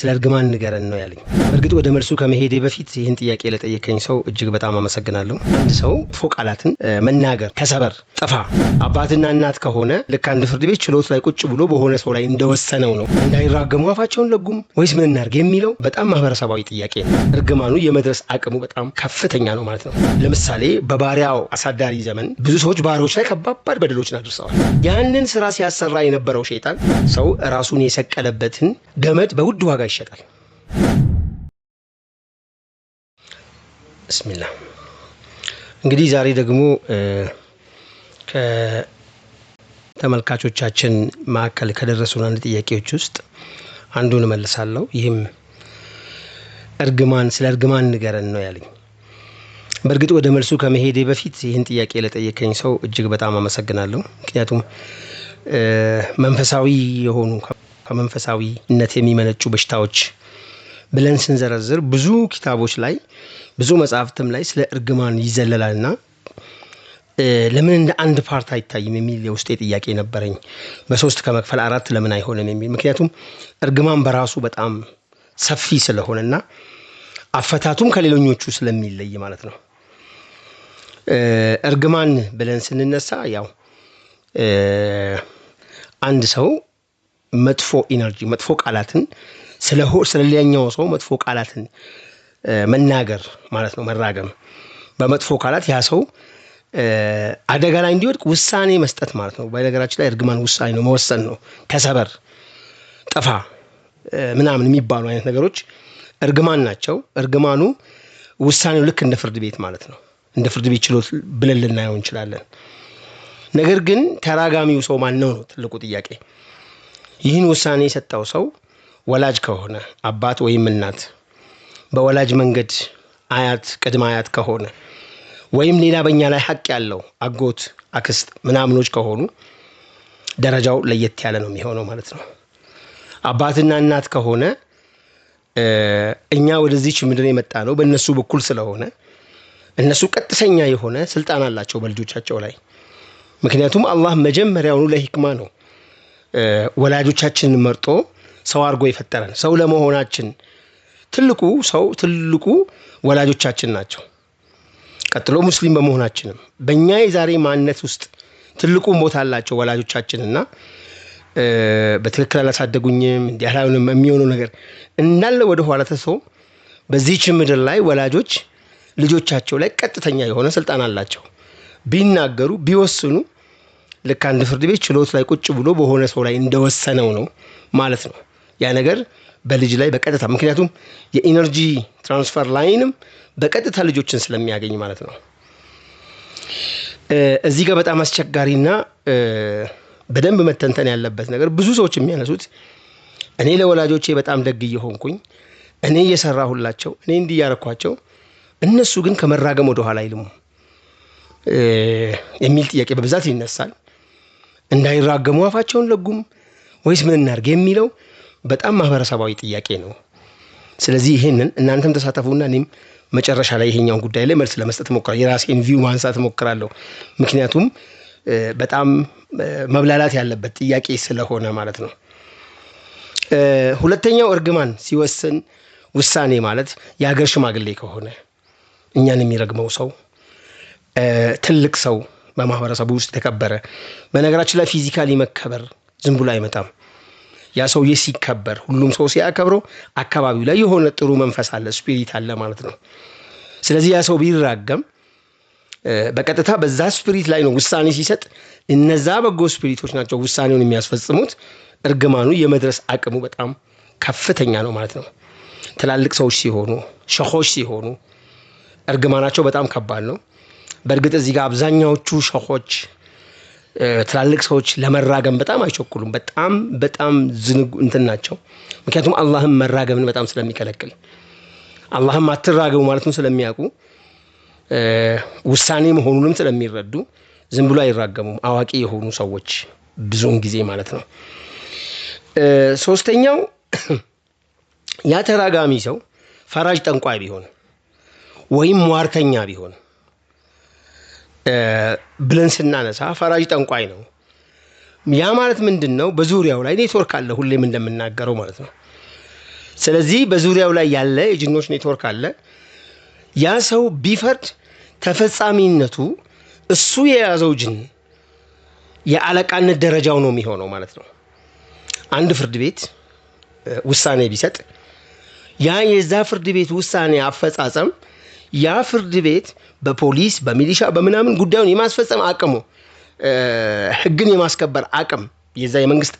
ስለ እርግማን ንገረን ነው ያለኝ። እርግጥ ወደ መልሱ ከመሄዴ በፊት ይህን ጥያቄ ለጠየቀኝ ሰው እጅግ በጣም አመሰግናለሁ። አንድ ሰው መጥፎ ቃላትን መናገር ከሰበር ጥፋ፣ አባትና እናት ከሆነ ልክ አንድ ፍርድ ቤት ችሎት ላይ ቁጭ ብሎ በሆነ ሰው ላይ እንደወሰነው ነው እንዳይራገሙ አፋቸውን ለጉም ወይስ ምን እናርግ የሚለው በጣም ማህበረሰባዊ ጥያቄ ነው። እርግማኑ የመድረስ አቅሙ በጣም ከፍተኛ ነው ማለት ነው። ለምሳሌ በባሪያው አሳዳሪ ዘመን ብዙ ሰዎች ባሪያዎች ላይ ከባባድ በደሎችን አድርሰዋል። ያንን ስራ ሲያሰራ የነበረው ሸይጣን ሰው ራሱን የሰቀለበትን ገመድ በውድ ዋጋ ይሸጣል። ብስሚላ እንግዲህ ዛሬ ደግሞ ከተመልካቾቻችን መካከል ከደረሱን አንድ ጥያቄዎች ውስጥ አንዱን እመልሳለሁ። ይህም እርግማን ስለ እርግማን ንገረን ነው ያለኝ። በእርግጥ ወደ መልሱ ከመሄዴ በፊት ይህን ጥያቄ ለጠየቀኝ ሰው እጅግ በጣም አመሰግናለሁ። ምክንያቱም መንፈሳዊ የሆኑ ከመንፈሳዊነት የሚመነጩ በሽታዎች ብለን ስንዘረዝር ብዙ ኪታቦች ላይ ብዙ መጽሐፍትም ላይ ስለ እርግማን ይዘለላልና ለምን እንደ አንድ ፓርት አይታይም የሚል የውስጤ ጥያቄ ነበረኝ። በሶስት ከመክፈል አራት ለምን አይሆንም የሚል ምክንያቱም እርግማን በራሱ በጣም ሰፊ ስለሆነና አፈታቱም ከሌሎኞቹ ስለሚለይ ማለት ነው። እርግማን ብለን ስንነሳ ያው አንድ ሰው መጥፎ ኢነርጂ መጥፎ ቃላትን ስለሌላኛው ሰው መጥፎ ቃላትን መናገር ማለት ነው። መራገም በመጥፎ ቃላት ያ ሰው አደጋ ላይ እንዲወድቅ ውሳኔ መስጠት ማለት ነው። በነገራችን ላይ እርግማን ውሳኔ ነው፣ መወሰን ነው። ተሰበር፣ ጥፋ ምናምን የሚባሉ አይነት ነገሮች እርግማን ናቸው። እርግማኑ ውሳኔው ልክ እንደ ፍርድ ቤት ማለት ነው። እንደ ፍርድ ቤት ችሎት ብለን ልናየው እንችላለን። ነገር ግን ተራጋሚው ሰው ማን ነው ነው ትልቁ ጥያቄ። ይህን ውሳኔ የሰጠው ሰው ወላጅ ከሆነ አባት ወይም እናት፣ በወላጅ መንገድ አያት፣ ቅድመ አያት ከሆነ ወይም ሌላ በእኛ ላይ ሀቅ ያለው አጎት፣ አክስት ምናምኖች ከሆኑ ደረጃው ለየት ያለ ነው የሚሆነው ማለት ነው። አባትና እናት ከሆነ እኛ ወደዚች ምድር የመጣ ነው በእነሱ በኩል ስለሆነ እነሱ ቀጥተኛ የሆነ ስልጣን አላቸው በልጆቻቸው ላይ። ምክንያቱም አላህ መጀመሪያውኑ ለሂክማ ነው ወላጆቻችንን መርጦ ሰው አድርጎ የፈጠረን ሰው ለመሆናችን ትልቁ ሰው ትልቁ ወላጆቻችን ናቸው። ቀጥሎ ሙስሊም በመሆናችንም በእኛ የዛሬ ማንነት ውስጥ ትልቁን ቦታ አላቸው ወላጆቻችንና በትክክል አላሳደጉኝም እንዲህ የሚሆነው ነገር እንዳለ ወደ ኋላ ተሶ በዚህች ምድር ላይ ወላጆች ልጆቻቸው ላይ ቀጥተኛ የሆነ ስልጣን አላቸው። ቢናገሩ ቢወስኑ ልክ አንድ ፍርድ ቤት ችሎት ላይ ቁጭ ብሎ በሆነ ሰው ላይ እንደወሰነው ነው ማለት ነው። ያ ነገር በልጅ ላይ በቀጥታ ምክንያቱም የኢነርጂ ትራንስፈር ላይንም በቀጥታ ልጆችን ስለሚያገኝ ማለት ነው። እዚህ ጋር በጣም አስቸጋሪና በደንብ መተንተን ያለበት ነገር ብዙ ሰዎች የሚያነሱት እኔ ለወላጆቼ በጣም ደግ እየሆንኩኝ እኔ እየሰራሁላቸው እኔ እንዲህ እያረኳቸው እነሱ ግን ከመራገም ወደ ኋላ የሚል ጥያቄ በብዛት ይነሳል። እንዳይራገሙ አፋቸውን ለጉም ወይስ ምን እናርግ የሚለው በጣም ማህበረሰባዊ ጥያቄ ነው። ስለዚህ ይህንን እናንተም ተሳተፉና እኔም መጨረሻ ላይ ይሄኛውን ጉዳይ ላይ መልስ ለመስጠት ሞክራ የራሴን ቪው ማንሳት ሞክራለሁ። ምክንያቱም በጣም መብላላት ያለበት ጥያቄ ስለሆነ ማለት ነው። ሁለተኛው እርግማን ሲወስን ውሳኔ ማለት የሀገር ሽማግሌ ከሆነ እኛን የሚረግመው ሰው ትልቅ ሰው በማህበረሰቡ ውስጥ የተከበረ። በነገራችን ላይ ፊዚካሊ መከበር ዝም ብሎ አይመጣም። ያ ሰውዬ ሲከበር፣ ሁሉም ሰው ሲያከብረው አካባቢው ላይ የሆነ ጥሩ መንፈስ አለ፣ ስፒሪት አለ ማለት ነው። ስለዚህ ያ ሰው ቢራገም በቀጥታ በዛ ስፒሪት ላይ ነው ውሳኔ ሲሰጥ፣ እነዛ በጎ ስፒሪቶች ናቸው ውሳኔውን የሚያስፈጽሙት። እርግማኑ የመድረስ አቅሙ በጣም ከፍተኛ ነው ማለት ነው። ትላልቅ ሰዎች ሲሆኑ ሸኾች ሲሆኑ እርግማናቸው በጣም ከባድ ነው። በእርግጥ እዚህ ጋር አብዛኛዎቹ ሸሆች ትላልቅ ሰዎች ለመራገም በጣም አይቸኩሉም። በጣም በጣም ዝንጉ እንትን ናቸው። ምክንያቱም አላህም መራገምን በጣም ስለሚከለክል አላህም አትራገቡ ማለቱን ስለሚያውቁ ውሳኔ መሆኑንም ስለሚረዱ ዝም ብሎ አይራገሙም። አዋቂ የሆኑ ሰዎች ብዙውን ጊዜ ማለት ነው። ሶስተኛው ያ ተራጋሚ ሰው ፈራጅ ጠንቋይ ቢሆን ወይም ሟርተኛ ቢሆን ብለን ስናነሳ ፈራጅ ጠንቋይ ነው። ያ ማለት ምንድን ነው? በዙሪያው ላይ ኔትወርክ አለ፣ ሁሌም እንደምናገረው ማለት ነው። ስለዚህ በዙሪያው ላይ ያለ የጅኖች ኔትወርክ አለ። ያ ሰው ቢፈርድ ተፈጻሚነቱ እሱ የያዘው ጅን የአለቃነት ደረጃው ነው የሚሆነው ማለት ነው። አንድ ፍርድ ቤት ውሳኔ ቢሰጥ ያ የዛ ፍርድ ቤት ውሳኔ አፈጻጸም ያ ፍርድ ቤት በፖሊስ በሚሊሻ በምናምን ጉዳዩን የማስፈጸም አቅሙ ህግን የማስከበር አቅም የዛ የመንግስት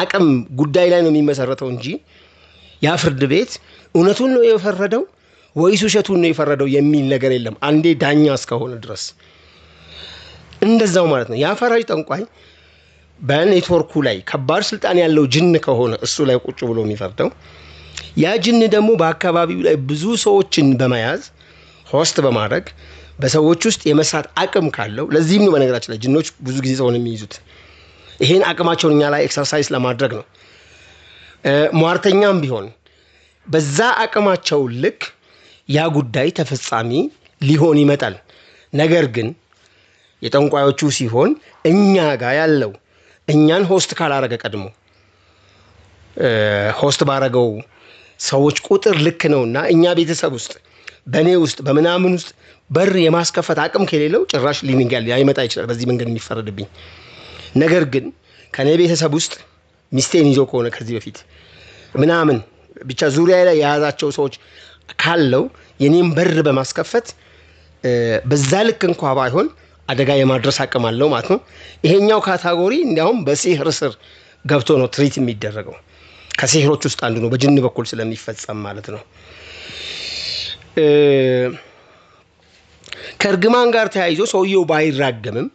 አቅም ጉዳይ ላይ ነው የሚመሰረተው እንጂ ያ ፍርድ ቤት እውነቱን ነው የፈረደው ወይስ ውሸቱን ነው የፈረደው የሚል ነገር የለም። አንዴ ዳኛ እስከሆነ ድረስ እንደዛው ማለት ነው። የአፈራጅ ጠንቋይ በኔትወርኩ ላይ ከባድ ስልጣን ያለው ጅን ከሆነ እሱ ላይ ቁጭ ብሎ የሚፈርደው ያ ጅን ደግሞ በአካባቢው ላይ ብዙ ሰዎችን በመያዝ ሆስት በማድረግ በሰዎች ውስጥ የመስራት አቅም ካለው ለዚህም ነው በነገራችን ላይ ጅኖች ብዙ ጊዜ ሰውን የሚይዙት ይሄን አቅማቸውን እኛ ላይ ኤክሰርሳይዝ ለማድረግ ነው። ሟርተኛም ቢሆን በዛ አቅማቸው ልክ ያ ጉዳይ ተፈጻሚ ሊሆን ይመጣል። ነገር ግን የጠንቋዮቹ ሲሆን እኛ ጋር ያለው እኛን ሆስት ካላረገ ቀድሞ ሆስት ባረገው ሰዎች ቁጥር ልክ ነውና እኛ ቤተሰብ ውስጥ በእኔ ውስጥ በምናምን ውስጥ በር የማስከፈት አቅም ከሌለው ጭራሽ ሊንጋል ይመጣ ይችላል። በዚህ መንገድ የሚፈረድብኝ ነገር ግን ከእኔ ቤተሰብ ውስጥ ሚስቴን ይዞ ከሆነ ከዚህ በፊት ምናምን ብቻ ዙሪያ ላይ የያዛቸው ሰዎች ካለው የኔም በር በማስከፈት በዛ ልክ እንኳ ባይሆን አደጋ የማድረስ አቅም አለው ማለት ነው። ይሄኛው ካታጎሪ እንዲያውም በሲህር ስር ገብቶ ነው ትሪት የሚደረገው። ከሲህሮች ውስጥ አንዱ ነው፣ በጅን በኩል ስለሚፈጸም ማለት ነው። ከእርግማን ጋር ተያይዞ ሰውየው ባይራገምም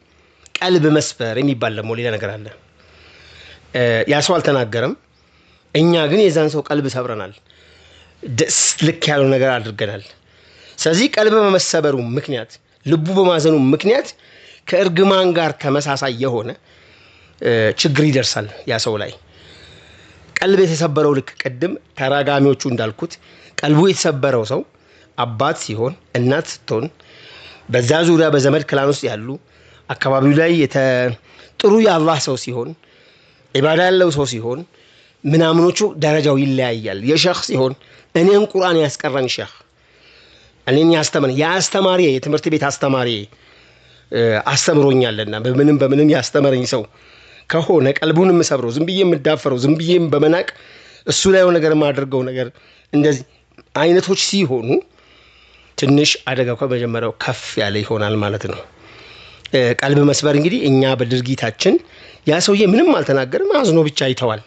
ቀልብ መስፈር የሚባል ደግሞ ሌላ ነገር አለ። ያ ሰው አልተናገረም፣ እኛ ግን የዛን ሰው ቀልብ ሰብረናል፣ ደስ ልክ ያለው ነገር አድርገናል። ስለዚህ ቀልብ በመሰበሩ ምክንያት ልቡ በማዘኑ ምክንያት ከእርግማን ጋር ተመሳሳይ የሆነ ችግር ይደርሳል ያ ሰው ላይ። ቀልብ የተሰበረው ልክ ቅድም ተራጋሚዎቹ እንዳልኩት ቀልቡ የተሰበረው ሰው አባት ሲሆን እናት ስትሆን በዛ ዙሪያ በዘመድ ክላን ውስጥ ያሉ አካባቢው ላይ ጥሩ የአላህ ሰው ሲሆን ዒባዳ ያለው ሰው ሲሆን ምናምኖቹ ደረጃው ይለያያል። የሸህ ሲሆን እኔን ቁርአን ያስቀረን ሸህ እኔን ያስተምረኝ የአስተማሪ የትምህርት ቤት አስተማሪ አስተምሮኛልና በምንም በምንም ያስተምረኝ ሰው ከሆነ ቀልቡን የምሰብረው ዝም ብዬ የምዳፈረው ዝም ብዬም በመናቅ እሱ ላይ ነገር የማደርገው ነገር እንደዚህ አይነቶች ሲሆኑ ትንሽ አደጋው መጀመሪያው ከፍ ያለ ይሆናል ማለት ነው። ቀልብ መስበር እንግዲህ እኛ በድርጊታችን ያ ሰውዬ ምንም አልተናገርም፣ አዝኖ ብቻ ይተዋል።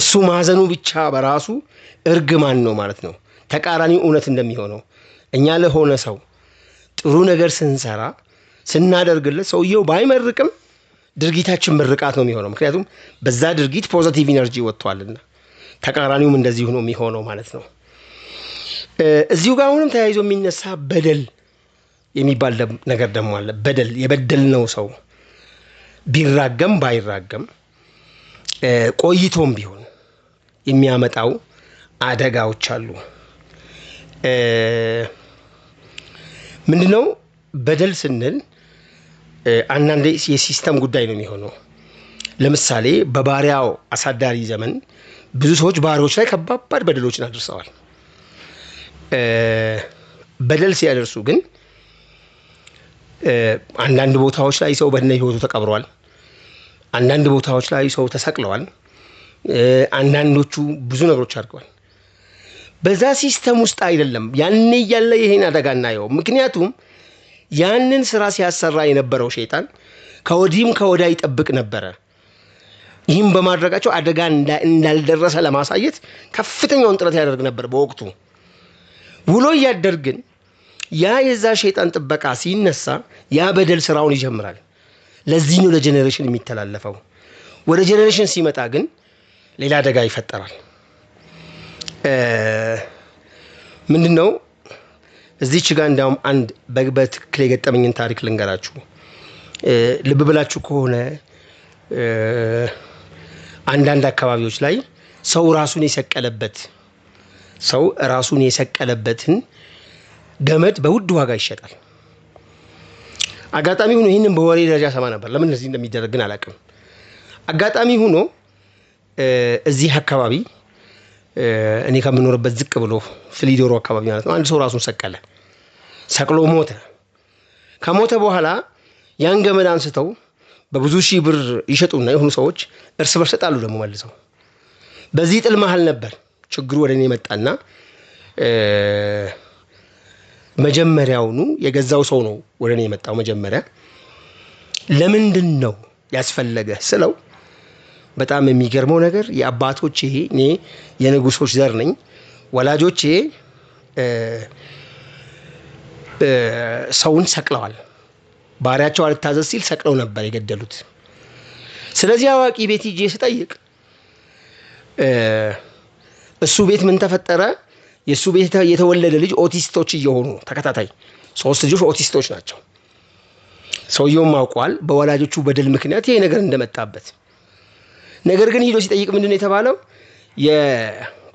እሱ ማዘኑ ብቻ በራሱ እርግማን ነው ማለት ነው። ተቃራኒ እውነት እንደሚሆነው እኛ ለሆነ ሰው ጥሩ ነገር ስንሰራ ስናደርግለት ሰውየው ባይመርቅም ድርጊታችን ምርቃት ነው የሚሆነው። ምክንያቱም በዛ ድርጊት ፖዘቲቭ ኢነርጂ ወጥቷልና ተቃራኒውም እንደዚህ ነው የሚሆነው ማለት ነው። እዚሁ ጋር አሁንም ተያይዞ የሚነሳ በደል የሚባል ነገር ደግሞ አለ። በደል የበደል ነው ሰው ቢራገም ባይራገም ቆይቶም ቢሆን የሚያመጣው አደጋዎች አሉ። ምንድነው በደል ስንል አንዳንድ የሲስተም ጉዳይ ነው የሚሆነው። ለምሳሌ በባሪያው አሳዳሪ ዘመን ብዙ ሰዎች ባሪያዎች ላይ ከባባድ በደሎችን አድርሰዋል። በደል ሲያደርሱ ግን አንዳንድ ቦታዎች ላይ ሰው በነ ህይወቱ ተቀብሯል። አንዳንድ ቦታዎች ላይ ሰው ተሰቅለዋል። አንዳንዶቹ ብዙ ነገሮች አድርገዋል። በዛ ሲስተም ውስጥ አይደለም ያን እያለ ይሄን አደጋ እናየው። ምክንያቱም ያንን ስራ ሲያሰራ የነበረው ሸይጣን ከወዲህም ከወዳ ይጠብቅ ነበረ። ይህም በማድረጋቸው አደጋ እንዳልደረሰ ለማሳየት ከፍተኛውን ጥረት ያደርግ ነበር በወቅቱ ውሎ እያደር ግን ያ የዛ ሸይጣን ጥበቃ ሲነሳ ያ በደል ስራውን ይጀምራል። ለዚህ ነው ለጀኔሬሽን የሚተላለፈው። ወደ ጀኔሬሽን ሲመጣ ግን ሌላ አደጋ ይፈጠራል። ምንድን ነው እዚች ጋ እንዳውም አንድ በትክክል የገጠመኝን ታሪክ ልንገራችሁ። ልብ ብላችሁ ከሆነ አንዳንድ አካባቢዎች ላይ ሰው ራሱን የሰቀለበት ሰው ራሱን የሰቀለበትን ገመድ በውድ ዋጋ ይሸጣል። አጋጣሚ ሆኖ ይህንን በወሬ ደረጃ ሰማ ነበር። ለምን እንደዚህ እንደሚደረግ ግን አላውቅም። አጋጣሚ ሆኖ እዚህ አካባቢ እኔ ከምኖርበት ዝቅ ብሎ ፍሊዶሮ አካባቢ ማለት ነው አንድ ሰው ራሱን ሰቀለ። ሰቅሎ ሞተ። ከሞተ በኋላ ያን ገመድ አንስተው በብዙ ሺህ ብር ይሸጡና የሆኑ ሰዎች እርስ በርስ ጣሉ ደግሞ መልሰው። በዚህ ጥል መሀል ነበር ችግሩ ወደ እኔ መጣና መጀመሪያውኑ የገዛው ሰው ነው ወደ እኔ የመጣው። መጀመሪያ ለምንድን ነው ያስፈለገ ስለው በጣም የሚገርመው ነገር የአባቶች ይሄ እኔ የንጉሶች ዘር ነኝ። ወላጆቼ ሰውን ሰቅለዋል። ባሪያቸው አልታዘዝ ሲል ሰቅለው ነበር የገደሉት። ስለዚህ አዋቂ ቤት ሂጄ ስጠይቅ እሱ ቤት ምን ተፈጠረ? የእሱ ቤት የተወለደ ልጅ ኦቲስቶች እየሆኑ ተከታታይ ሶስት ልጆች ኦቲስቶች ናቸው። ሰውየውም አውቋል በወላጆቹ በደል ምክንያት ይሄ ነገር እንደመጣበት። ነገር ግን ሂዶ ሲጠይቅ ምንድን ነው የተባለው?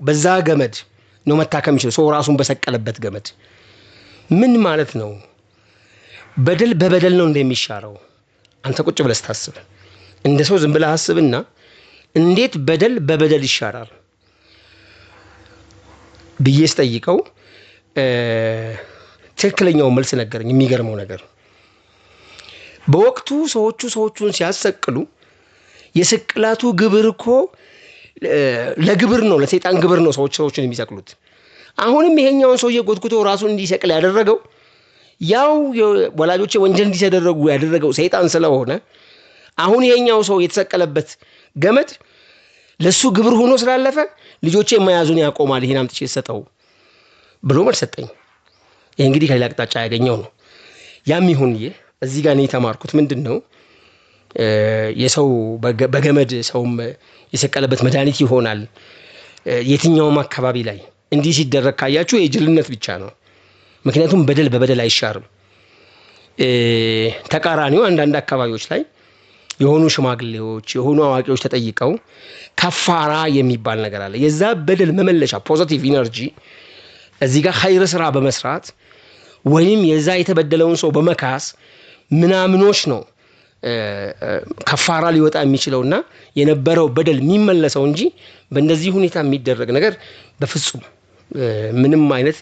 በዛ ገመድ ነው መታከም የሚችለው ሰው ራሱን በሰቀለበት ገመድ ምን ማለት ነው? በደል በበደል ነው እንደሚሻረው አንተ ቁጭ ብለህ ስታስብ እንደ ሰው ዝም ብለህ አስብና እንዴት በደል በበደል ይሻራል? ብዬ ስጠይቀው ትክክለኛውን መልስ ነገረኝ። የሚገርመው ነገር በወቅቱ ሰዎቹ ሰዎቹን ሲያሰቅሉ የስቅላቱ ግብር እኮ ለግብር ነው፣ ለሰይጣን ግብር ነው ሰዎች ሰዎችን የሚሰቅሉት። አሁንም ይሄኛውን ሰውዬ ጎትጉቶ ራሱን እንዲሰቅል ያደረገው ያው ወላጆቼ ወንጀል እንዲሰደረጉ ያደረገው ሰይጣን ስለሆነ አሁን ይሄኛው ሰው የተሰቀለበት ገመድ ለእሱ ግብር ሆኖ ስላለፈ ልጆቼ መያዙን ያቆማል። ይህን አምጥቼ ሰጠው ብሎ መልስ ሰጠኝ። ይህ እንግዲህ ከሌላ አቅጣጫ ያገኘው ነው። ያም ይሁን ይህ እዚህ ጋር እኔ የተማርኩት ምንድን ነው የሰው በገመድ ሰውም የሰቀለበት መድኃኒት ይሆናል። የትኛውም አካባቢ ላይ እንዲህ ሲደረግ ካያችሁ የጅልነት ብቻ ነው። ምክንያቱም በደል በበደል አይሻርም። ተቃራኒው አንዳንድ አካባቢዎች ላይ የሆኑ ሽማግሌዎች የሆኑ አዋቂዎች ተጠይቀው ከፋራ የሚባል ነገር አለ። የዛ በደል መመለሻ ፖዘቲቭ ኢነርጂ እዚህ ጋር ኸይር ስራ በመስራት ወይም የዛ የተበደለውን ሰው በመካስ ምናምኖች ነው ከፋራ ሊወጣ የሚችለውና የነበረው በደል የሚመለሰው እንጂ በእንደዚህ ሁኔታ የሚደረግ ነገር በፍጹም ምንም አይነት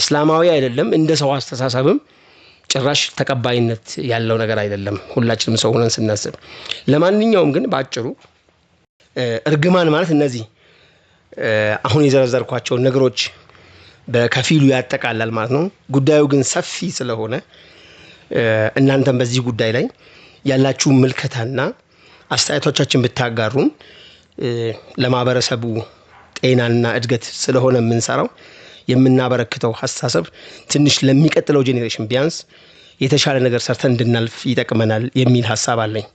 እስላማዊ አይደለም። እንደ ሰው አስተሳሰብም ጭራሽ ተቀባይነት ያለው ነገር አይደለም፣ ሁላችንም ሰው ሆነን ስናስብ። ለማንኛውም ግን በአጭሩ እርግማን ማለት እነዚህ አሁን የዘረዘርኳቸውን ነገሮች በከፊሉ ያጠቃላል ማለት ነው። ጉዳዩ ግን ሰፊ ስለሆነ እናንተም በዚህ ጉዳይ ላይ ያላችሁ ምልከታና አስተያየቶቻችን ብታጋሩን ለማህበረሰቡ ጤናና እድገት ስለሆነ የምንሰራው የምናበረክተው ሀሳሰብ ትንሽ ለሚቀጥለው ጄኔሬሽን ቢያንስ የተሻለ ነገር ሰርተን እንድናልፍ ይጠቅመናል የሚል ሀሳብ አለኝ።